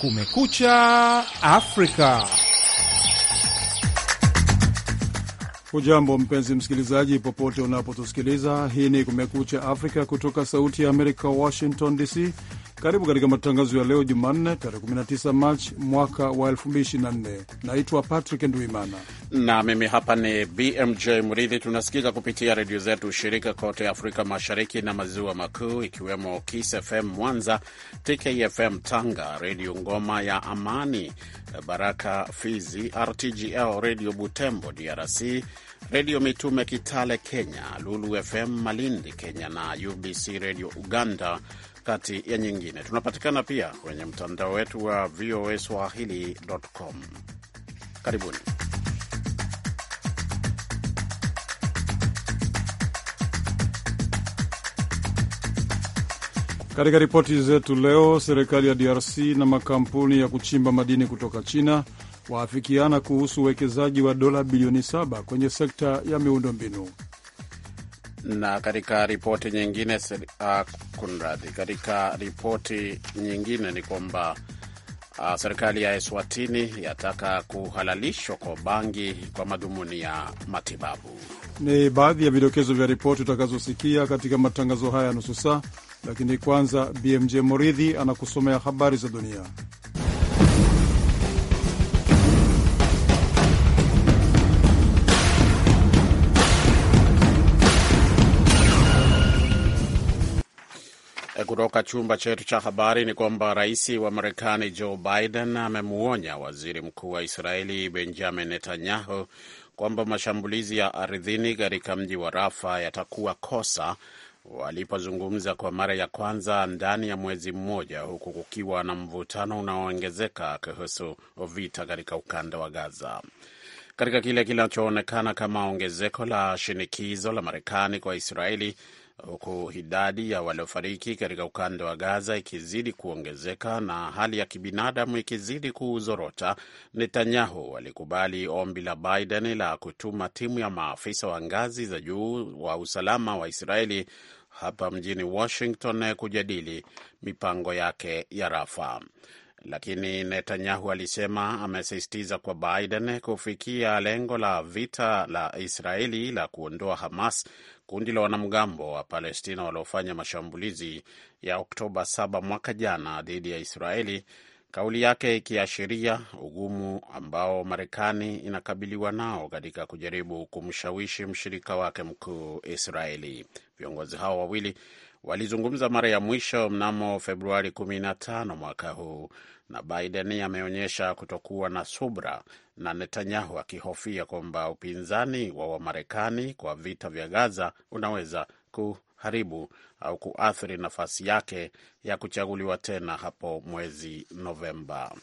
Kumekucha Afrika. Hujambo mpenzi msikilizaji, popote unapotusikiliza. Hii ni Kumekucha Afrika kutoka Sauti ya Amerika, Washington DC. Karibu katika matangazo ya leo Jumanne, tarehe 19 Machi mwaka wa 2024. Naitwa Patrick Nduimana na mimi hapa ni BMJ Mridhi. Tunasikika kupitia redio zetu shirika kote Afrika Mashariki na Maziwa Makuu, ikiwemo Kiss FM Mwanza, TKFM Tanga, Redio Ngoma ya Amani, Baraka Fizi, RTGL Redio Butembo DRC, Redio Mitume Kitale Kenya, Lulu FM Malindi Kenya na UBC Redio Uganda kati ya nyingine. Tunapatikana pia kwenye mtandao wetu wa VOA Swahili.com. Karibuni. Katika ripoti zetu leo, serikali ya DRC na makampuni ya kuchimba madini kutoka China waafikiana kuhusu uwekezaji wa dola bilioni saba kwenye sekta ya miundombinu. Na katika ripoti nyingine uh, kunradhi, katika ripoti nyingine ni kwamba uh, serikali ya Eswatini yataka kuhalalishwa kwa bangi kwa madhumuni ya matibabu. Ni baadhi ya vidokezo vya ripoti utakazosikia katika matangazo haya ya nusu saa, lakini kwanza BMJ Moridhi anakusomea habari za dunia. kutoka chumba chetu cha habari ni kwamba rais wa Marekani Joe Biden amemwonya waziri mkuu wa Israeli Benjamin Netanyahu kwamba mashambulizi ya ardhini katika mji wa Rafa yatakuwa kosa walipozungumza kwa mara ya kwanza ndani ya mwezi mmoja huku kukiwa na mvutano unaoongezeka kuhusu vita katika ukanda wa Gaza. Katika kile kinachoonekana kama ongezeko la shinikizo la Marekani kwa Israeli huku idadi ya waliofariki katika ukanda wa Gaza ikizidi kuongezeka na hali ya kibinadamu ikizidi kuzorota, Netanyahu alikubali ombi la Biden la kutuma timu ya maafisa wa ngazi za juu wa usalama wa Israeli hapa mjini Washington kujadili mipango yake ya Rafa. Lakini Netanyahu alisema amesisitiza kwa Biden kufikia lengo la vita la Israeli la kuondoa Hamas kundi la wanamgambo wa Palestina waliofanya mashambulizi ya Oktoba 7 mwaka jana dhidi ya Israeli, kauli yake ikiashiria ugumu ambao Marekani inakabiliwa nao katika kujaribu kumshawishi mshirika wake mkuu Israeli. Viongozi hao wawili Walizungumza mara ya mwisho mnamo Februari 15 mwaka huu, na Biden ameonyesha kutokuwa na subra na Netanyahu akihofia kwamba upinzani wa Wamarekani kwa vita vya Gaza unaweza kuharibu au kuathiri nafasi yake ya kuchaguliwa tena hapo mwezi Novemba.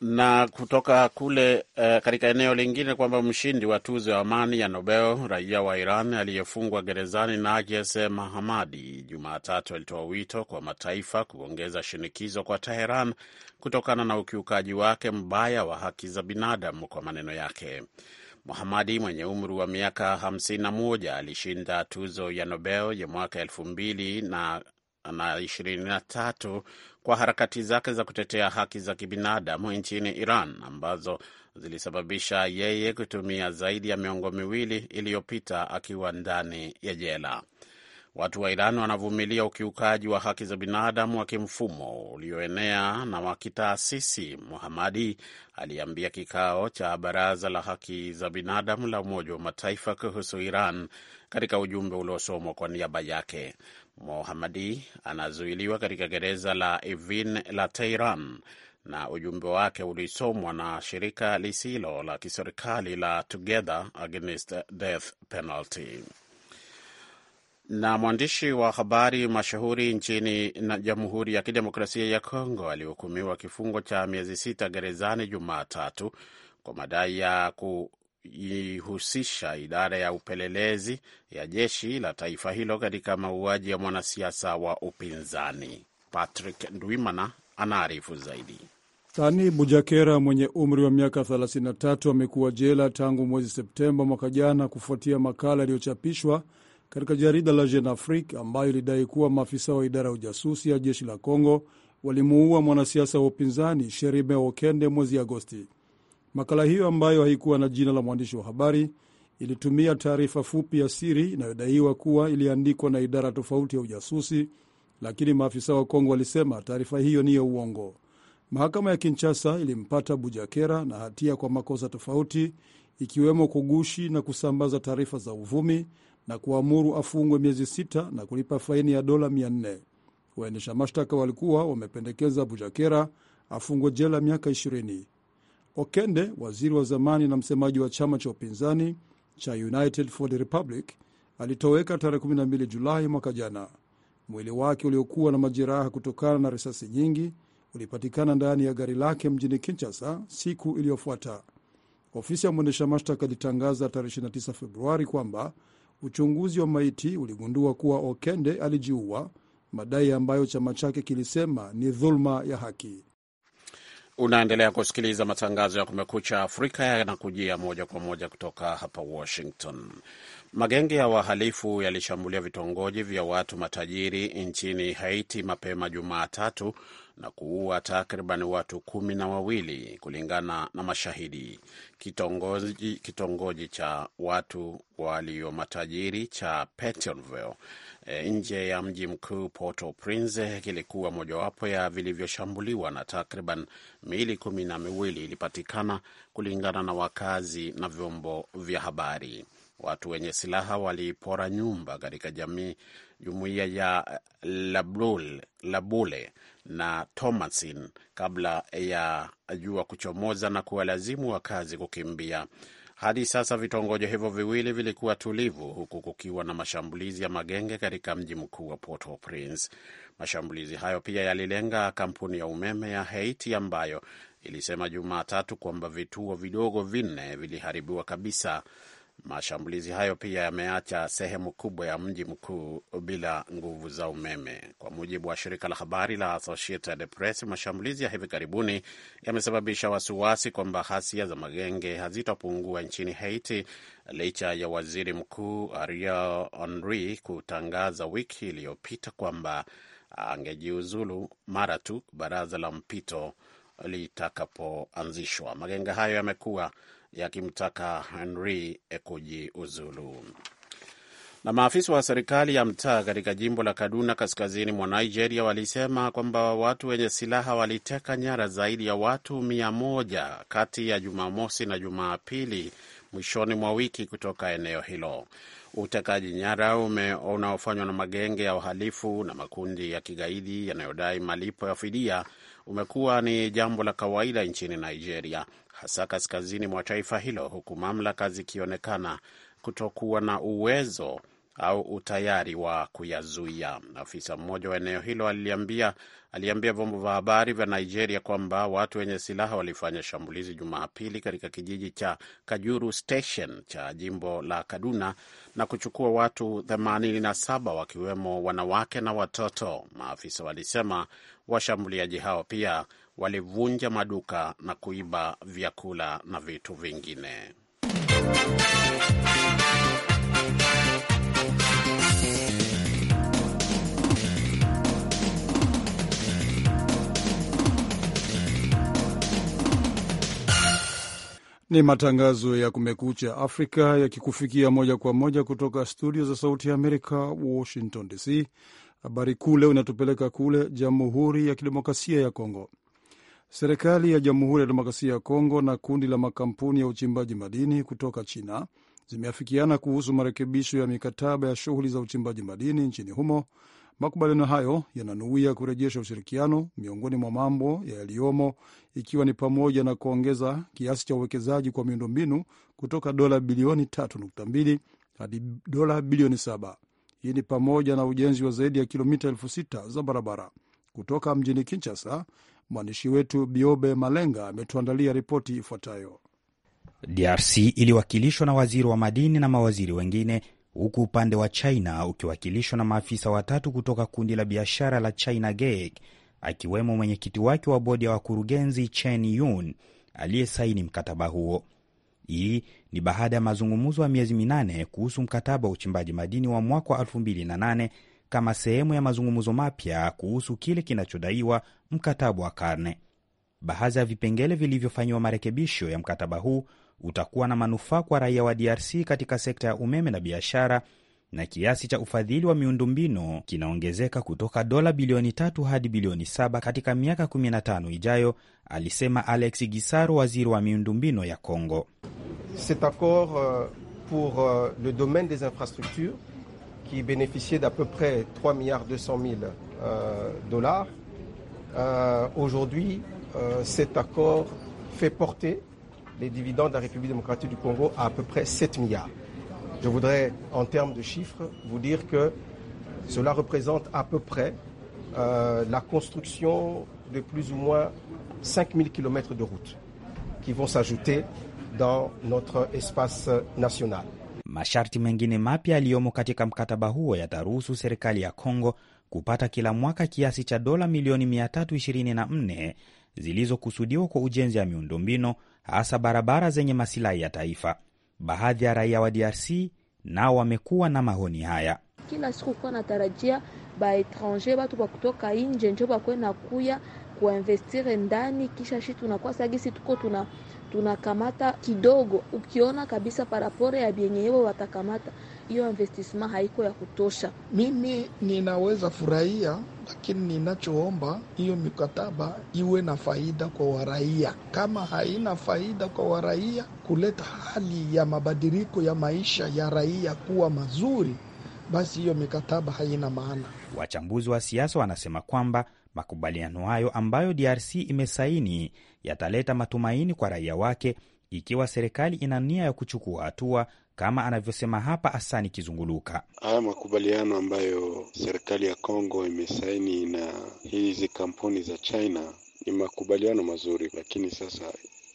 Na kutoka kule uh, katika eneo lingine kwamba mshindi wa tuzo ya amani ya Nobel raia wa Iran aliyefungwa gerezani Najes Mahamadi Jumatatu alitoa wito kwa mataifa kuongeza shinikizo kwa Teheran kutokana na ukiukaji wake mbaya wa haki za binadamu. Kwa maneno yake, Mahamadi mwenye umri wa miaka 51 alishinda tuzo ya Nobel ya mwaka elfu mbili na na ishirini na tatu kwa harakati zake za kutetea haki za kibinadamu nchini Iran ambazo zilisababisha yeye kutumia zaidi ya miongo miwili iliyopita akiwa ndani ya jela. Watu wa Iran wanavumilia ukiukaji wa haki za binadamu wa kimfumo ulioenea na wa kitaasisi, Muhamadi aliambia kikao cha Baraza la Haki za Binadamu la Umoja wa Mataifa kuhusu Iran katika ujumbe uliosomwa kwa niaba yake. Mohamadi anazuiliwa katika gereza la Evin la Tehran na ujumbe wake ulisomwa na shirika lisilo la kiserikali la Together Against Death Penalty. Na mwandishi wa habari mashuhuri nchini na Jamhuri ya Kidemokrasia ya Kongo alihukumiwa kifungo cha miezi sita gerezani Jumatatu kwa madai ya ku ilihusisha idara ya upelelezi ya jeshi la taifa hilo katika mauaji ya mwanasiasa wa upinzani. Patrick Ndwimana anaarifu zaidi. Sani Bujakera mwenye umri wa miaka 33 amekuwa jela tangu mwezi Septemba mwaka jana kufuatia makala yaliyochapishwa katika jarida la Jeune Afrique ambayo ilidai kuwa maafisa wa idara ya ujasusi ya jeshi la congo walimuua mwanasiasa wa upinzani Sherime Okende mwezi Agosti. Makala hiyo ambayo haikuwa na jina la mwandishi wa habari ilitumia taarifa fupi ya siri inayodaiwa kuwa iliandikwa na idara tofauti ya ujasusi, lakini maafisa wa Kongo walisema taarifa hiyo ni ya uongo. Mahakama ya Kinshasa ilimpata Bujakera na hatia kwa makosa tofauti, ikiwemo kugushi na kusambaza taarifa za uvumi na kuamuru afungwe miezi sita na kulipa faini ya dola mia nne. Waendesha mashtaka walikuwa wamependekeza Bujakera afungwe jela miaka ishirini. Okende, waziri wa zamani na msemaji wa chama cha upinzani cha United for the Republic, alitoweka tarehe 12 Julai mwaka jana. Mwili wake uliokuwa na majeraha kutokana na risasi nyingi ulipatikana ndani ya gari lake mjini Kinshasa siku iliyofuata. Ofisi ya mwendesha mashtaka ilitangaza tarehe 29 Februari kwamba uchunguzi wa maiti uligundua kuwa Okende alijiua, madai ambayo chama chake kilisema ni dhuluma ya haki. Unaendelea kusikiliza matangazo ya Kumekucha Afrika yanakujia moja kwa moja kutoka hapa Washington. Magenge ya wahalifu yalishambulia vitongoji vya watu matajiri nchini Haiti mapema Jumatatu na kuua takriban watu kumi na wawili kulingana na mashahidi. Kitongoji, kitongoji cha watu walio matajiri cha Petionville E, nje ya mji mkuu Porto prince kilikuwa mojawapo ya vilivyoshambuliwa na takriban miili kumi na miwili ilipatikana kulingana na wakazi na vyombo vya habari. Watu wenye silaha waliipora nyumba katika jamii jumuiya ya Labule na Thomasin kabla ya jua kuchomoza na kuwalazimu wakazi kukimbia hadi sasa vitongoji hivyo viwili vilikuwa tulivu, huku kukiwa na mashambulizi ya magenge katika mji mkuu wa Port-au-Prince. Mashambulizi hayo pia yalilenga kampuni ya umeme ya Haiti ambayo ilisema Jumatatu kwamba vituo vidogo vinne viliharibiwa kabisa Mashambulizi hayo pia yameacha sehemu kubwa ya mji mkuu bila nguvu za umeme. Kwa mujibu wa shirika la habari la Associated Press, mashambulizi ya hivi karibuni yamesababisha wasiwasi kwamba ghasia za magenge hazitapungua nchini Haiti licha ya waziri mkuu Ariel Henry kutangaza wiki iliyopita kwamba angejiuzulu mara tu baraza la mpito litakapoanzishwa. Magenge hayo yamekuwa yakimtaka Henry kujiuzulu. Na maafisa wa serikali ya mtaa katika jimbo la Kaduna kaskazini mwa Nigeria walisema kwamba watu wenye silaha waliteka nyara zaidi ya watu mia moja kati ya Jumamosi na Jumapili mwishoni mwa wiki kutoka eneo hilo. Utekaji nyara unaofanywa na magenge ya uhalifu na makundi ya kigaidi yanayodai malipo ya fidia umekuwa ni jambo la kawaida nchini Nigeria, hasa kaskazini mwa taifa hilo, huku mamlaka zikionekana kutokuwa na uwezo au utayari wa kuyazuia. Afisa mmoja wa eneo hilo aliambia aliambia vyombo vya habari vya Nigeria kwamba watu wenye silaha walifanya shambulizi Jumapili katika kijiji cha Kajuru Station cha jimbo la Kaduna na kuchukua watu 87 wakiwemo wanawake na watoto. Maafisa walisema washambuliaji hao pia walivunja maduka na kuiba vyakula na vitu vingine. Ni matangazo ya Kumekucha Afrika yakikufikia moja kwa moja kutoka studio za Sauti ya Amerika, Washington DC. Habari kuu leo inatupeleka kule Jamhuri ya Kidemokrasia ya Kongo. Serikali ya Jamhuri ya Demokrasia ya Kongo na kundi la makampuni ya uchimbaji madini kutoka China zimeafikiana kuhusu marekebisho ya mikataba ya shughuli za uchimbaji madini nchini humo. Makubaliano hayo yananuia kurejesha ushirikiano miongoni mwa mambo yaliyomo, ikiwa ni pamoja na kuongeza kiasi cha uwekezaji kwa miundombinu kutoka dola bilioni 3.2 hadi dola bilioni 7. Hii ni pamoja na ujenzi wa zaidi ya kilomita elfu sita za barabara kutoka mjini Kinshasa Mwandishi wetu Biobe Malenga ametuandalia ripoti ifuatayo. DRC iliwakilishwa na waziri wa madini na mawaziri wengine, huku upande wa China ukiwakilishwa na maafisa watatu kutoka kundi la biashara la China GEG, akiwemo mwenyekiti wake wa bodi ya wakurugenzi Chen Yun aliyesaini mkataba huo. Hii ni baada ya mazungumzo ya miezi minane kuhusu mkataba wa uchimbaji madini wa mwaka wa 2008 kama sehemu ya mazungumzo mapya kuhusu kile kinachodaiwa mkataba wa karne. Baadhi ya vipengele vilivyofanyiwa marekebisho ya mkataba huu utakuwa na manufaa kwa raia wa DRC katika sekta ya umeme na biashara, na kiasi cha ufadhili wa miundombinu kinaongezeka kutoka dola bilioni tatu hadi bilioni saba katika miaka 15 ijayo, alisema Alex Gisaro, waziri wa miundombinu ya congo Cet accord euh, pour euh, le domaine des infrastructures qui bénéficiait d'à peu près 3 milliards 200 euh, dollars. Euh, aujourd'hui, euh, cet accord fait porter les dividendes de la République démocratique du Congo à à peu près 7 milliards. Je voudrais, en termes de chiffres, vous dire que cela représente à peu près la construction de plus ou moins 5000 km de routes qui vont s'ajouter dans notre espace national. Masharti mengine mapya yaliyomo katika mkataba huo yataruhusu serikali ya Kongo kupata kila mwaka kiasi cha dola milioni 324 zilizokusudiwa kwa ujenzi wa miundombinu hasa barabara zenye masilahi ya taifa. Baadhi ya raia wa DRC nao wamekuwa na maoni haya. Kila siku kuwa natarajia baetranger batu kutoka nje njo bakwe na kuya kuinvestire ndani, kisha shi tunakuwa sagisi tuko tuna tunakamata kidogo, ukiona kabisa parapore ya vyenyewe watakamata hiyo investissement haiko ya kutosha. Mimi ninaweza furahia, lakini ninachoomba hiyo mikataba iwe na faida kwa waraia. Kama haina faida kwa waraia, kuleta hali ya mabadiliko ya maisha ya raia kuwa mazuri, basi hiyo mikataba haina maana. Wachambuzi wa siasa wanasema kwamba makubaliano hayo ambayo DRC imesaini yataleta matumaini kwa raia wake ikiwa serikali ina nia ya kuchukua hatua kama anavyosema hapa Asani Kizunguluka. Haya makubaliano ambayo serikali ya Kongo imesaini na hizi kampuni za China ni makubaliano mazuri, lakini sasa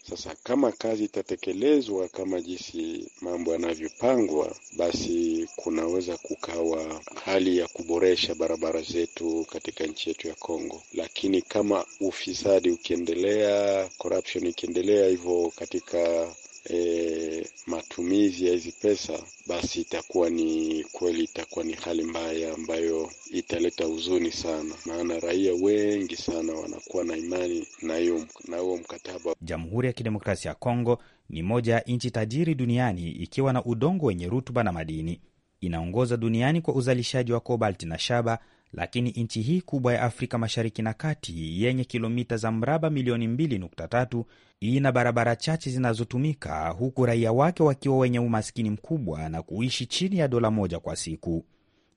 sasa kama kazi itatekelezwa kama jinsi mambo yanavyopangwa, basi kunaweza kukawa hali ya kuboresha barabara zetu katika nchi yetu ya Kongo. Lakini kama ufisadi ukiendelea, corruption ikiendelea hivyo katika e, matumizi ya hizi pesa, basi itakuwa ni kweli, itakuwa ni hali mbaya ambayo italeta huzuni sana, maana raia wengi sana wanakuwa na imani na hiyo na huo mkataba. Jamhuri ya Kidemokrasia ya Kongo ni moja ya nchi tajiri duniani ikiwa na udongo wenye rutuba na madini, inaongoza duniani kwa uzalishaji wa kobalti na shaba lakini nchi hii kubwa ya Afrika Mashariki na Kati yenye kilomita za mraba milioni 2.3 ina barabara chache zinazotumika, huku raia wake wakiwa wenye umaskini mkubwa na kuishi chini ya dola moja kwa siku.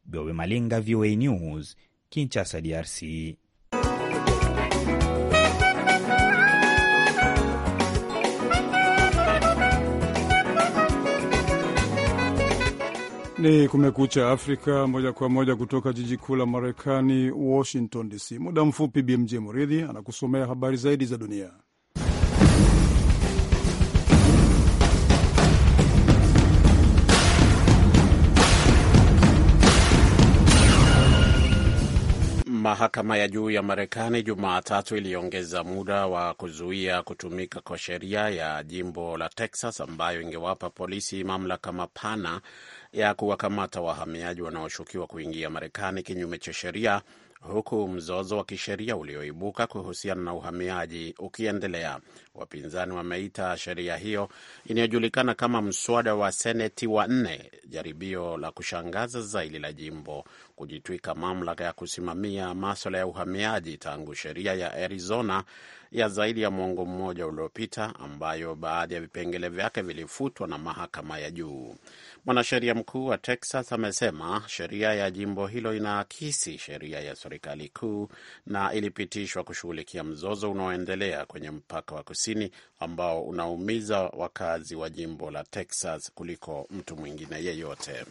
Bowe Malinga, VOA News, Kinshasa, DRC. Ni Kumekucha Afrika, moja kwa moja kutoka jiji kuu la Marekani, Washington DC. Muda mfupi, BMJ Muridhi anakusomea habari zaidi za dunia. Mahakama ya juu ya Marekani jumaatatu iliongeza muda wa kuzuia kutumika kwa sheria ya jimbo la Texas ambayo ingewapa polisi mamlaka mapana ya kuwakamata wahamiaji wanaoshukiwa kuingia Marekani kinyume cha sheria, huku mzozo wa kisheria ulioibuka kuhusiana na uhamiaji ukiendelea. Wapinzani wameita sheria hiyo inayojulikana kama mswada wa seneti wa nne jaribio la kushangaza zaidi la jimbo kujitwika mamlaka ya kusimamia maswala ya uhamiaji tangu sheria ya Arizona ya zaidi ya mwongo mmoja uliopita ambayo baadhi ya vipengele vyake vilifutwa na mahakama ya juu. Mwanasheria mkuu wa Texas amesema sheria ya jimbo hilo inaakisi sheria ya serikali kuu na ilipitishwa kushughulikia mzozo unaoendelea kwenye mpaka wa kusini ambao unaumiza wakazi wa jimbo la Texas kuliko mtu mwingine yeyote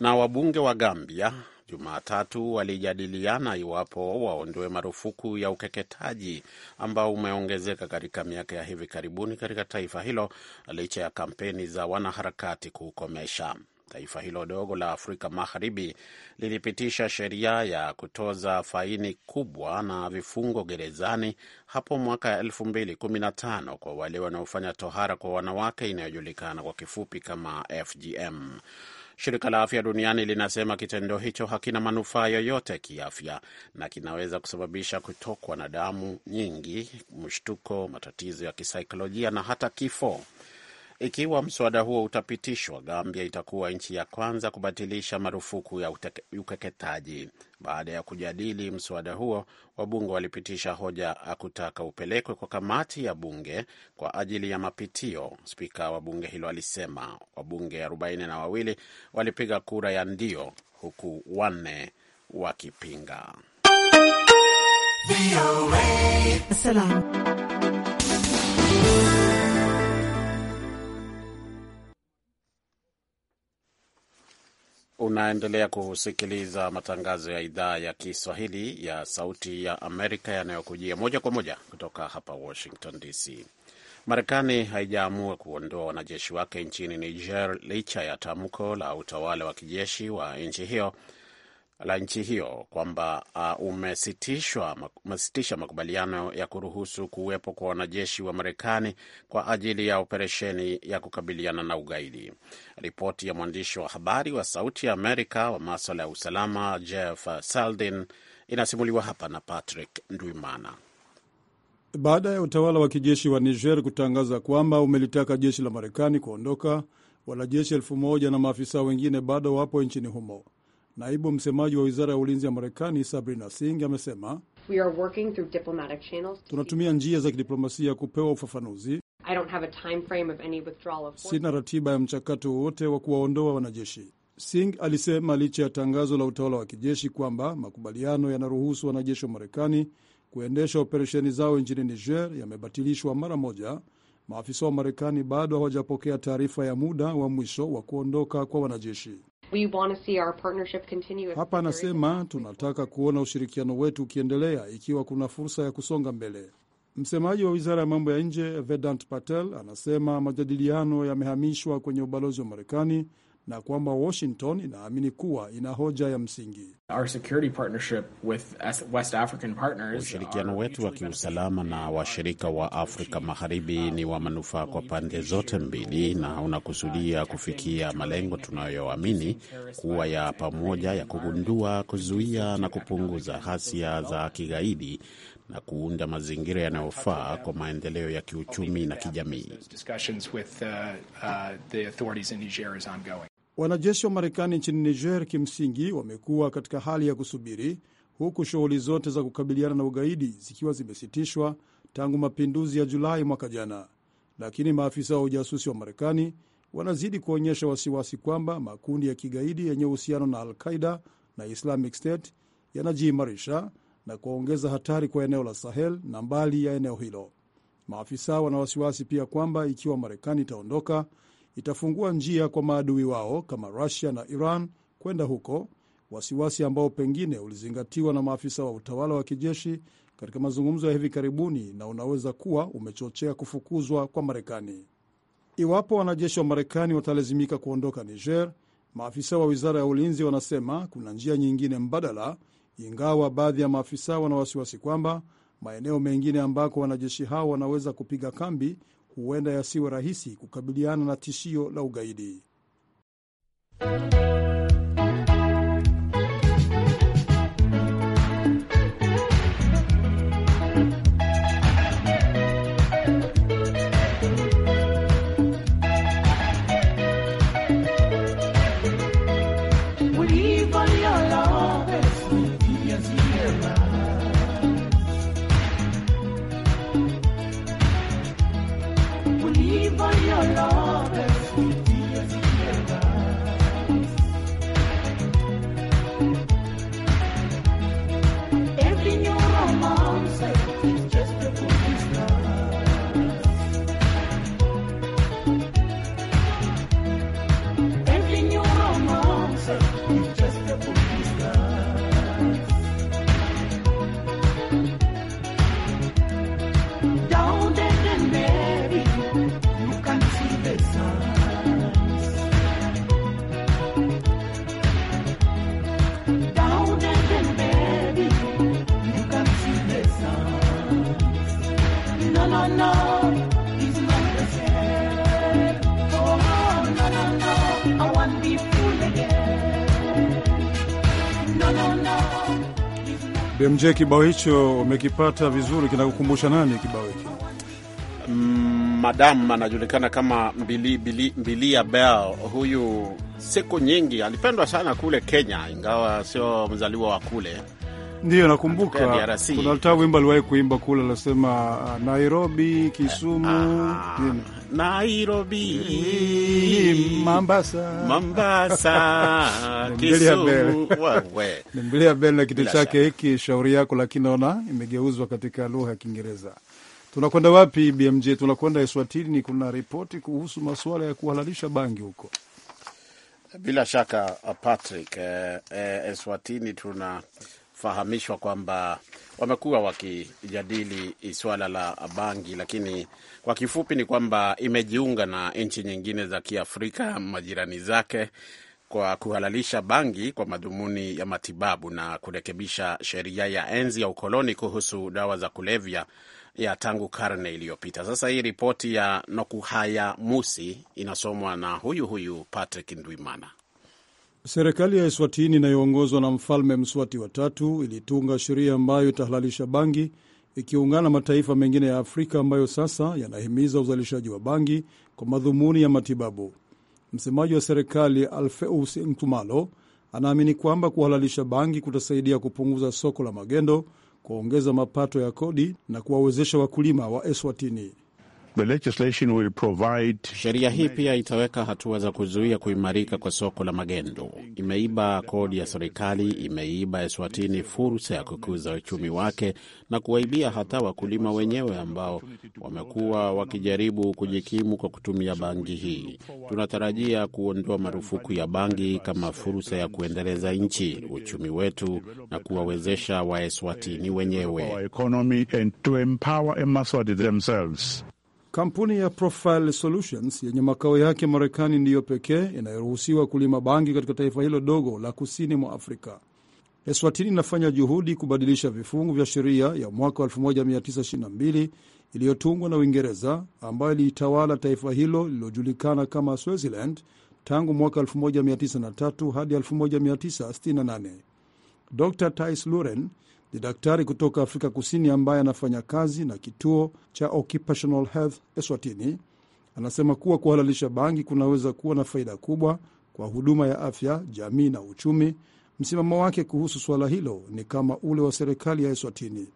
na wabunge wa Gambia Jumatatu walijadiliana iwapo waondoe marufuku ya ukeketaji ambao umeongezeka katika miaka ya hivi karibuni katika taifa hilo licha ya kampeni za wanaharakati kuukomesha. Taifa hilo dogo la Afrika Magharibi lilipitisha sheria ya kutoza faini kubwa na vifungo gerezani hapo mwaka 2015 kwa wale wanaofanya tohara kwa wanawake inayojulikana kwa kifupi kama FGM. Shirika la Afya Duniani linasema kitendo hicho hakina manufaa yoyote kiafya na kinaweza kusababisha kutokwa na damu nyingi, mshtuko, matatizo ya kisaikolojia na hata kifo. Ikiwa mswada huo utapitishwa, Gambia itakuwa nchi ya kwanza kubatilisha marufuku ya ukeketaji. Baada ya kujadili mswada huo, wabunge walipitisha hoja kutaka upelekwe kwa kamati ya bunge kwa ajili ya mapitio. Spika wa bunge hilo alisema wabunge arobaini na wawili walipiga kura ya ndio, huku wanne wakipinga. Salam. Unaendelea kusikiliza matangazo ya idhaa ya Kiswahili ya Sauti ya Amerika yanayokujia moja kwa moja kutoka hapa Washington DC. Marekani haijaamua kuondoa wanajeshi wake nchini Niger licha ya tamko la utawala wa kijeshi wa nchi hiyo la nchi hiyo kwamba uh, umesitisha makubaliano ya kuruhusu kuwepo kwa wanajeshi wa Marekani kwa ajili ya operesheni ya kukabiliana na ugaidi. Ripoti ya mwandishi wa habari wa Sauti ya Amerika wa maswala ya usalama Jeff Saldin inasimuliwa hapa na Patrick Ndwimana. Baada ya utawala wa kijeshi wa Niger kutangaza kwamba umelitaka jeshi la Marekani kuondoka, wanajeshi elfu moja na maafisa wengine bado wapo nchini humo. Naibu msemaji wa wizara ya ulinzi ya Marekani Sabrina Singh amesema We are working through diplomatic channels. Tunatumia njia za kidiplomasia kupewa ufafanuzi. I don't have a time frame of any withdrawal of sina ratiba ya mchakato wowote wa kuwaondoa wanajeshi. Singh alisema licha ya tangazo la utawala wa kijeshi kwamba makubaliano yanaruhusu wanajeshi wa Marekani kuendesha operesheni zao nchini Niger yamebatilishwa mara moja, maafisa wa Marekani bado hawajapokea taarifa ya muda wa mwisho wa kuondoka kwa wanajeshi. Hapa anasema tunataka kuona ushirikiano wetu ukiendelea ikiwa kuna fursa ya kusonga mbele. Msemaji wa wizara ya mambo ya nje Vedant Patel anasema majadiliano yamehamishwa kwenye ubalozi wa Marekani na kwamba Washington inaamini kuwa ina hoja ya msingi. Ushirikiano wetu wa kiusalama na washirika wa Afrika Magharibi ni wa manufaa kwa pande zote mbili na unakusudia kufikia malengo tunayoamini kuwa ya pamoja ya kugundua, kuzuia na kupunguza ghasia za kigaidi na kuunda mazingira yanayofaa kwa maendeleo ya kiuchumi na kijamii. Wanajeshi wa Marekani nchini Niger kimsingi wamekuwa katika hali ya kusubiri, huku shughuli zote za kukabiliana na ugaidi zikiwa zimesitishwa tangu mapinduzi ya Julai mwaka jana, lakini maafisa wa ujasusi wa Marekani wanazidi kuonyesha wasiwasi kwamba makundi ya kigaidi yenye uhusiano na alqaida na Islamic State yanajiimarisha na kuongeza hatari kwa eneo la Sahel na mbali ya eneo hilo. Maafisa wana wasiwasi pia kwamba ikiwa Marekani itaondoka itafungua njia kwa maadui wao kama Rusia na Iran kwenda huko, wasiwasi ambao pengine ulizingatiwa na maafisa wa utawala wa kijeshi katika mazungumzo ya hivi karibuni na unaweza kuwa umechochea kufukuzwa kwa Marekani. Iwapo wanajeshi wa Marekani watalazimika kuondoka Niger, maafisa wa wizara ya ulinzi wanasema kuna njia nyingine mbadala, ingawa baadhi ya maafisa wana wasiwasi kwamba maeneo mengine ambako wanajeshi hao wanaweza kupiga kambi huenda yasiwe rahisi kukabiliana na tishio la ugaidi. BMJ, kibao hicho umekipata vizuri, kinakukumbusha nani kibao hicho Mm, madamu anajulikana kama Bili, Bili, Mbilia Bell. Huyu siku nyingi alipendwa sana kule Kenya, ingawa sio mzaliwa wa kule ndio nakumbuka kuna lta wimbo aliwahi kuimba kule, anasema ah, Nairobi, Kisumu, ah, Nairobi, Mombasa, Mombasa, Kisumu. Nimbilia na kitu chake hiki, shauri yako, lakini naona imegeuzwa katika lugha ya Kiingereza. Tunakwenda wapi BMJ? Tunakwenda Eswatini. Kuna ripoti kuhusu masuala ya kuhalalisha bangi huko. Bila shaka Patrick, eh, eh, Eswatini tuna fahamishwa kwamba wamekuwa wakijadili swala la bangi, lakini kwa kifupi ni kwamba imejiunga na nchi nyingine za Kiafrika majirani zake kwa kuhalalisha bangi kwa madhumuni ya matibabu na kurekebisha sheria ya enzi ya ukoloni kuhusu dawa za kulevya ya tangu karne iliyopita. Sasa hii ripoti ya Nokuhaya Musi inasomwa na huyu huyu Patrick Ndwimana. Serikali ya Eswatini inayoongozwa na Mfalme Mswati wa tatu ilitunga sheria ambayo itahalalisha bangi ikiungana na mataifa mengine ya Afrika ambayo sasa yanahimiza uzalishaji wa bangi kwa madhumuni ya matibabu. Msemaji wa serikali Alfeus Ntumalo anaamini kwamba kuhalalisha bangi kutasaidia kupunguza soko la magendo, kuongeza mapato ya kodi na kuwawezesha wakulima wa Eswatini. Sheria hii pia itaweka hatua za kuzuia kuimarika kwa soko la magendo. Imeiba kodi ya serikali, imeiba Eswatini fursa ya kukuza uchumi wake na kuwaibia hata wakulima wenyewe ambao wamekuwa wakijaribu kujikimu kwa kutumia bangi hii. Tunatarajia kuondoa marufuku ya bangi kama fursa ya kuendeleza nchi, uchumi wetu na kuwawezesha Waeswatini wenyewe. Kampuni ya Profile Solutions yenye makao yake Marekani ndiyo pekee inayoruhusiwa kulima bangi katika taifa hilo dogo la kusini mwa Afrika. Eswatini inafanya juhudi kubadilisha vifungu vya sheria ya mwaka 1922 iliyotungwa na Uingereza ambayo iliitawala taifa hilo lililojulikana kama Swaziland tangu mwaka 1903 hadi 1968. Dr Tis Luren ni daktari kutoka Afrika Kusini ambaye anafanya kazi na kituo cha Occupational Health Eswatini. Anasema kuwa kuhalalisha bangi kunaweza kuwa na faida kubwa kwa huduma ya afya, jamii na uchumi. Msimamo wake kuhusu suala hilo ni kama ule wa serikali ya Eswatini.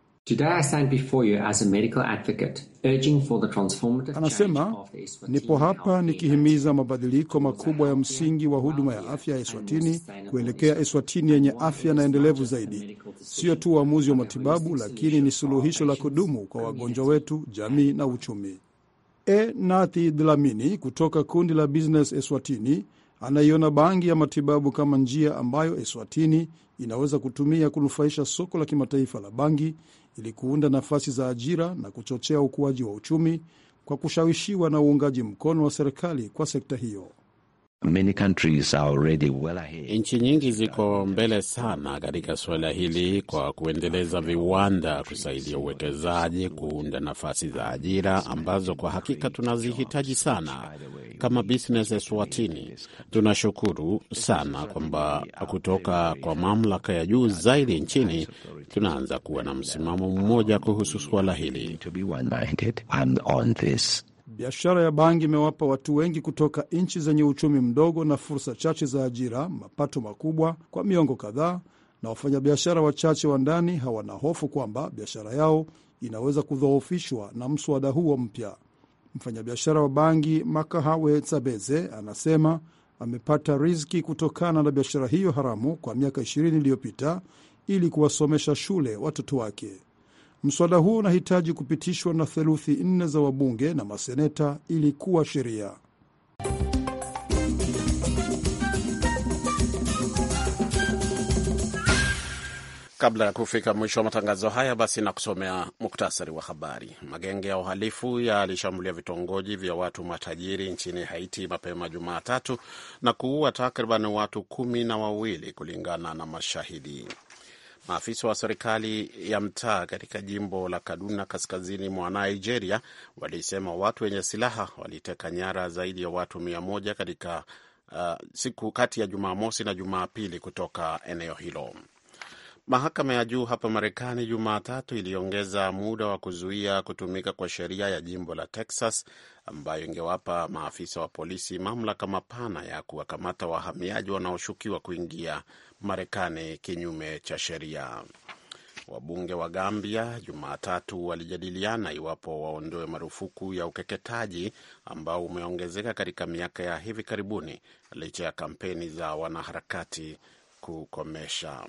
Anasema, nipo hapa nikihimiza mabadiliko makubwa ya msingi wa huduma ya afya ya Eswatini kuelekea Eswatini yenye afya na endelevu zaidi. Sio tu uamuzi wa matibabu, lakini ni suluhisho la kudumu kwa wagonjwa wetu, jamii na uchumi. E Nathi Dlamini kutoka kundi la Business Eswatini anaiona bangi ya matibabu kama njia ambayo Eswatini inaweza kutumia kunufaisha soko la kimataifa la bangi ili kuunda nafasi za ajira na kuchochea ukuaji wa uchumi kwa kushawishiwa na uungaji mkono wa serikali kwa sekta hiyo. Nchi nyingi ziko mbele sana katika suala hili kwa kuendeleza viwanda, kusaidia uwekezaji, kuunda nafasi za ajira ambazo kwa hakika tunazihitaji sana kama Business Eswatini. Tunashukuru sana kwamba kutoka kwa mamlaka ya juu zaidi nchini tunaanza kuwa na msimamo mmoja kuhusu suala hili. Biashara ya bangi imewapa watu wengi kutoka nchi zenye uchumi mdogo na fursa chache za ajira mapato makubwa kwa miongo kadhaa, na wafanyabiashara wachache wa ndani hawana hofu kwamba biashara yao inaweza kudhoofishwa na mswada huo mpya. Mfanyabiashara wa bangi Makahawe Tsabeze anasema amepata riziki kutokana na biashara hiyo haramu kwa miaka 20 iliyopita ili kuwasomesha shule watoto wake. Mswada huo unahitaji kupitishwa na theluthi nne za wabunge na maseneta ili kuwa sheria. Kabla ya kufika mwisho wa matangazo haya, basi na kusomea muktasari wa habari. Magenge ya uhalifu yalishambulia vitongoji vya watu matajiri nchini Haiti mapema Jumatatu na kuua takriban watu kumi na wawili kulingana na mashahidi. Maafisa wa serikali ya mtaa katika jimbo la Kaduna kaskazini mwa Nigeria walisema watu wenye silaha waliteka nyara zaidi ya watu mia moja katika uh, siku kati ya Jumamosi na Jumapili kutoka eneo hilo. Mahakama ya juu hapa Marekani Jumatatu iliongeza muda wa kuzuia kutumika kwa sheria ya jimbo la Texas ambayo ingewapa maafisa wa polisi mamlaka mapana ya kuwakamata wahamiaji wanaoshukiwa kuingia Marekani kinyume cha sheria. Wabunge wa Gambia Jumatatu walijadiliana iwapo waondoe marufuku ya ukeketaji ambao umeongezeka katika miaka ya hivi karibuni licha ya kampeni za wanaharakati kukomesha.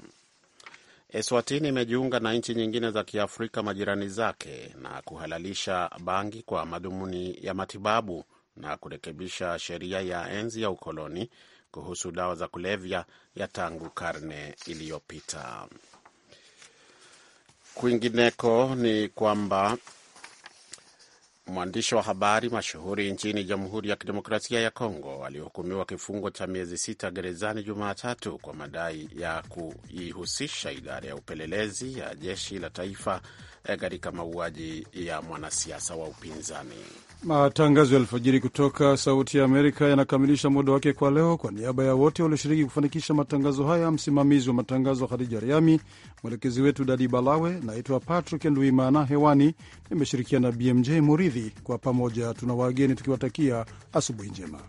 Eswatini imejiunga na nchi nyingine za Kiafrika majirani zake na kuhalalisha bangi kwa madhumuni ya matibabu na kurekebisha sheria ya enzi ya ukoloni kuhusu dawa za kulevya ya tangu karne iliyopita. Kwingineko ni kwamba mwandishi wa habari mashuhuri nchini Jamhuri ya Kidemokrasia ya Kongo alihukumiwa kifungo cha miezi sita gerezani Jumatatu kwa madai ya kuihusisha idara ya upelelezi ya jeshi la taifa eh, katika mauaji ya mwanasiasa wa upinzani. Matangazo ya alfajiri kutoka Sauti ya Amerika yanakamilisha muda wake kwa leo. Kwa niaba ya wote walioshiriki kufanikisha matangazo haya, msimamizi wa matangazo Khadija Riami, mwelekezi wetu Dadi Balawe, naitwa Patrick Nduimana. Hewani nimeshirikiana na BMJ Muridhi. Kwa pamoja tuna wageni tukiwatakia asubuhi njema.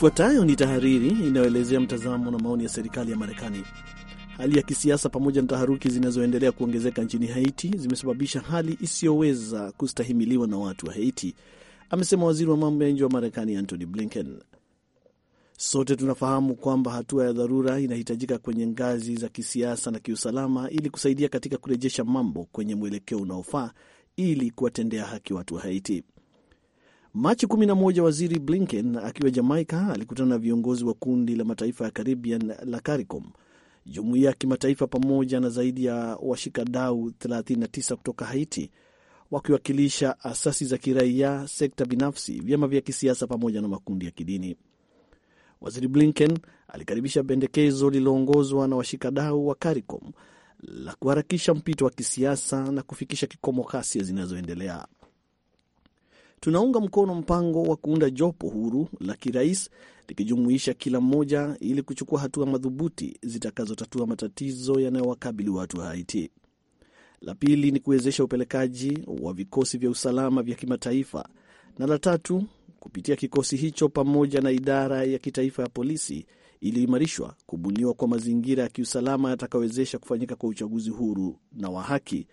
Ifuatayo ni tahariri inayoelezea mtazamo na maoni ya serikali ya Marekani. Hali ya kisiasa pamoja na taharuki zinazoendelea kuongezeka nchini Haiti zimesababisha hali isiyoweza kustahimiliwa na watu wa Haiti, amesema waziri wa mambo ya nje wa Marekani Antony Blinken. Sote tunafahamu kwamba hatua ya dharura inahitajika kwenye ngazi za kisiasa na kiusalama ili kusaidia katika kurejesha mambo kwenye mwelekeo unaofaa ili kuwatendea haki watu wa Haiti. Machi 11 waziri Blinken akiwa Jamaica alikutana na viongozi wa kundi la mataifa ya Caribbean la CARICOM, jumuiya ya kimataifa, pamoja na zaidi ya washikadau 39 kutoka Haiti, wakiwakilisha asasi za kiraia, sekta binafsi, vyama vya kisiasa pamoja na makundi ya kidini. Waziri Blinken alikaribisha pendekezo lililoongozwa na washikadau wa CARICOM la kuharakisha mpito wa kisiasa na kufikisha kikomo ghasia zinazoendelea. Tunaunga mkono mpango wa kuunda jopo huru la kirais likijumuisha kila mmoja ili kuchukua hatua madhubuti zitakazotatua matatizo yanayowakabili watu wa Haiti. La pili ni kuwezesha upelekaji wa vikosi vya usalama vya kimataifa, na la tatu kupitia kikosi hicho pamoja na idara ya kitaifa ya polisi iliyoimarishwa, kubuniwa kwa mazingira ya kiusalama yatakawezesha kufanyika kwa uchaguzi huru na wa haki,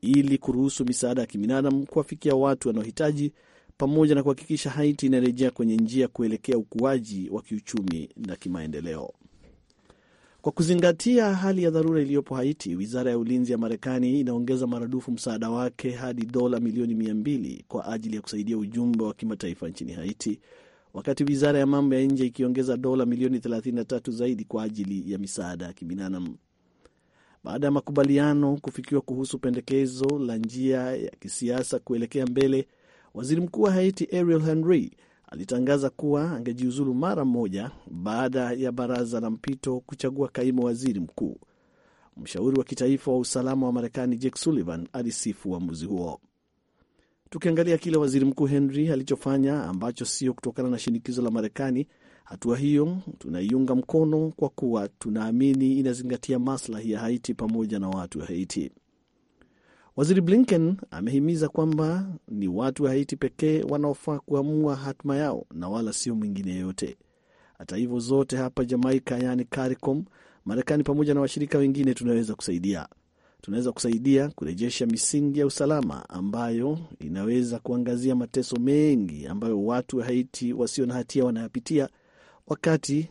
ili kuruhusu misaada ya kibinadamu kuwafikia watu wanaohitaji pamoja na kuhakikisha Haiti inarejea kwenye njia kuelekea ukuaji wa kiuchumi na kimaendeleo. Kwa kuzingatia hali ya dharura iliyopo Haiti, wizara ya ulinzi ya Marekani inaongeza maradufu msaada wake hadi dola milioni mia mbili kwa ajili ya kusaidia ujumbe wa kimataifa nchini Haiti, wakati wizara ya mambo ya nje ikiongeza dola milioni 33 zaidi kwa ajili ya misaada ya kibinadamu. Baada ya makubaliano kufikiwa kuhusu pendekezo la njia ya kisiasa kuelekea mbele, Waziri mkuu wa Haiti Ariel Henry alitangaza kuwa angejiuzulu mara moja baada ya baraza la mpito kuchagua kaimu waziri mkuu. Mshauri wa kitaifa wa usalama wa Marekani Jake Sullivan alisifu uamuzi huo. Tukiangalia kile waziri mkuu Henry alichofanya ambacho sio kutokana na shinikizo la Marekani, hatua hiyo tunaiunga mkono kwa kuwa tunaamini inazingatia maslahi ya Haiti pamoja na watu wa Haiti. Waziri Blinken amehimiza kwamba ni watu wa Haiti pekee wanaofaa kuamua hatima yao na wala sio mwingine yeyote. Hata hivyo, zote hapa Jamaika, yaani CARICOM, Marekani pamoja na washirika wengine tunaweza kusaidia. Tunaweza kusaidia kurejesha misingi ya usalama ambayo inaweza kuangazia mateso mengi ambayo watu wa Haiti wasio na hatia wanayapitia, wakati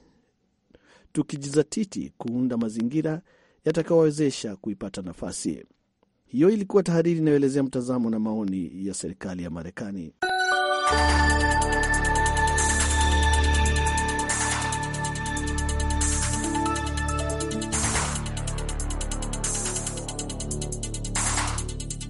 tukijizatiti kuunda mazingira yatakayowawezesha kuipata nafasi hiyo ilikuwa tahariri inayoelezea mtazamo na maoni ya serikali ya Marekani.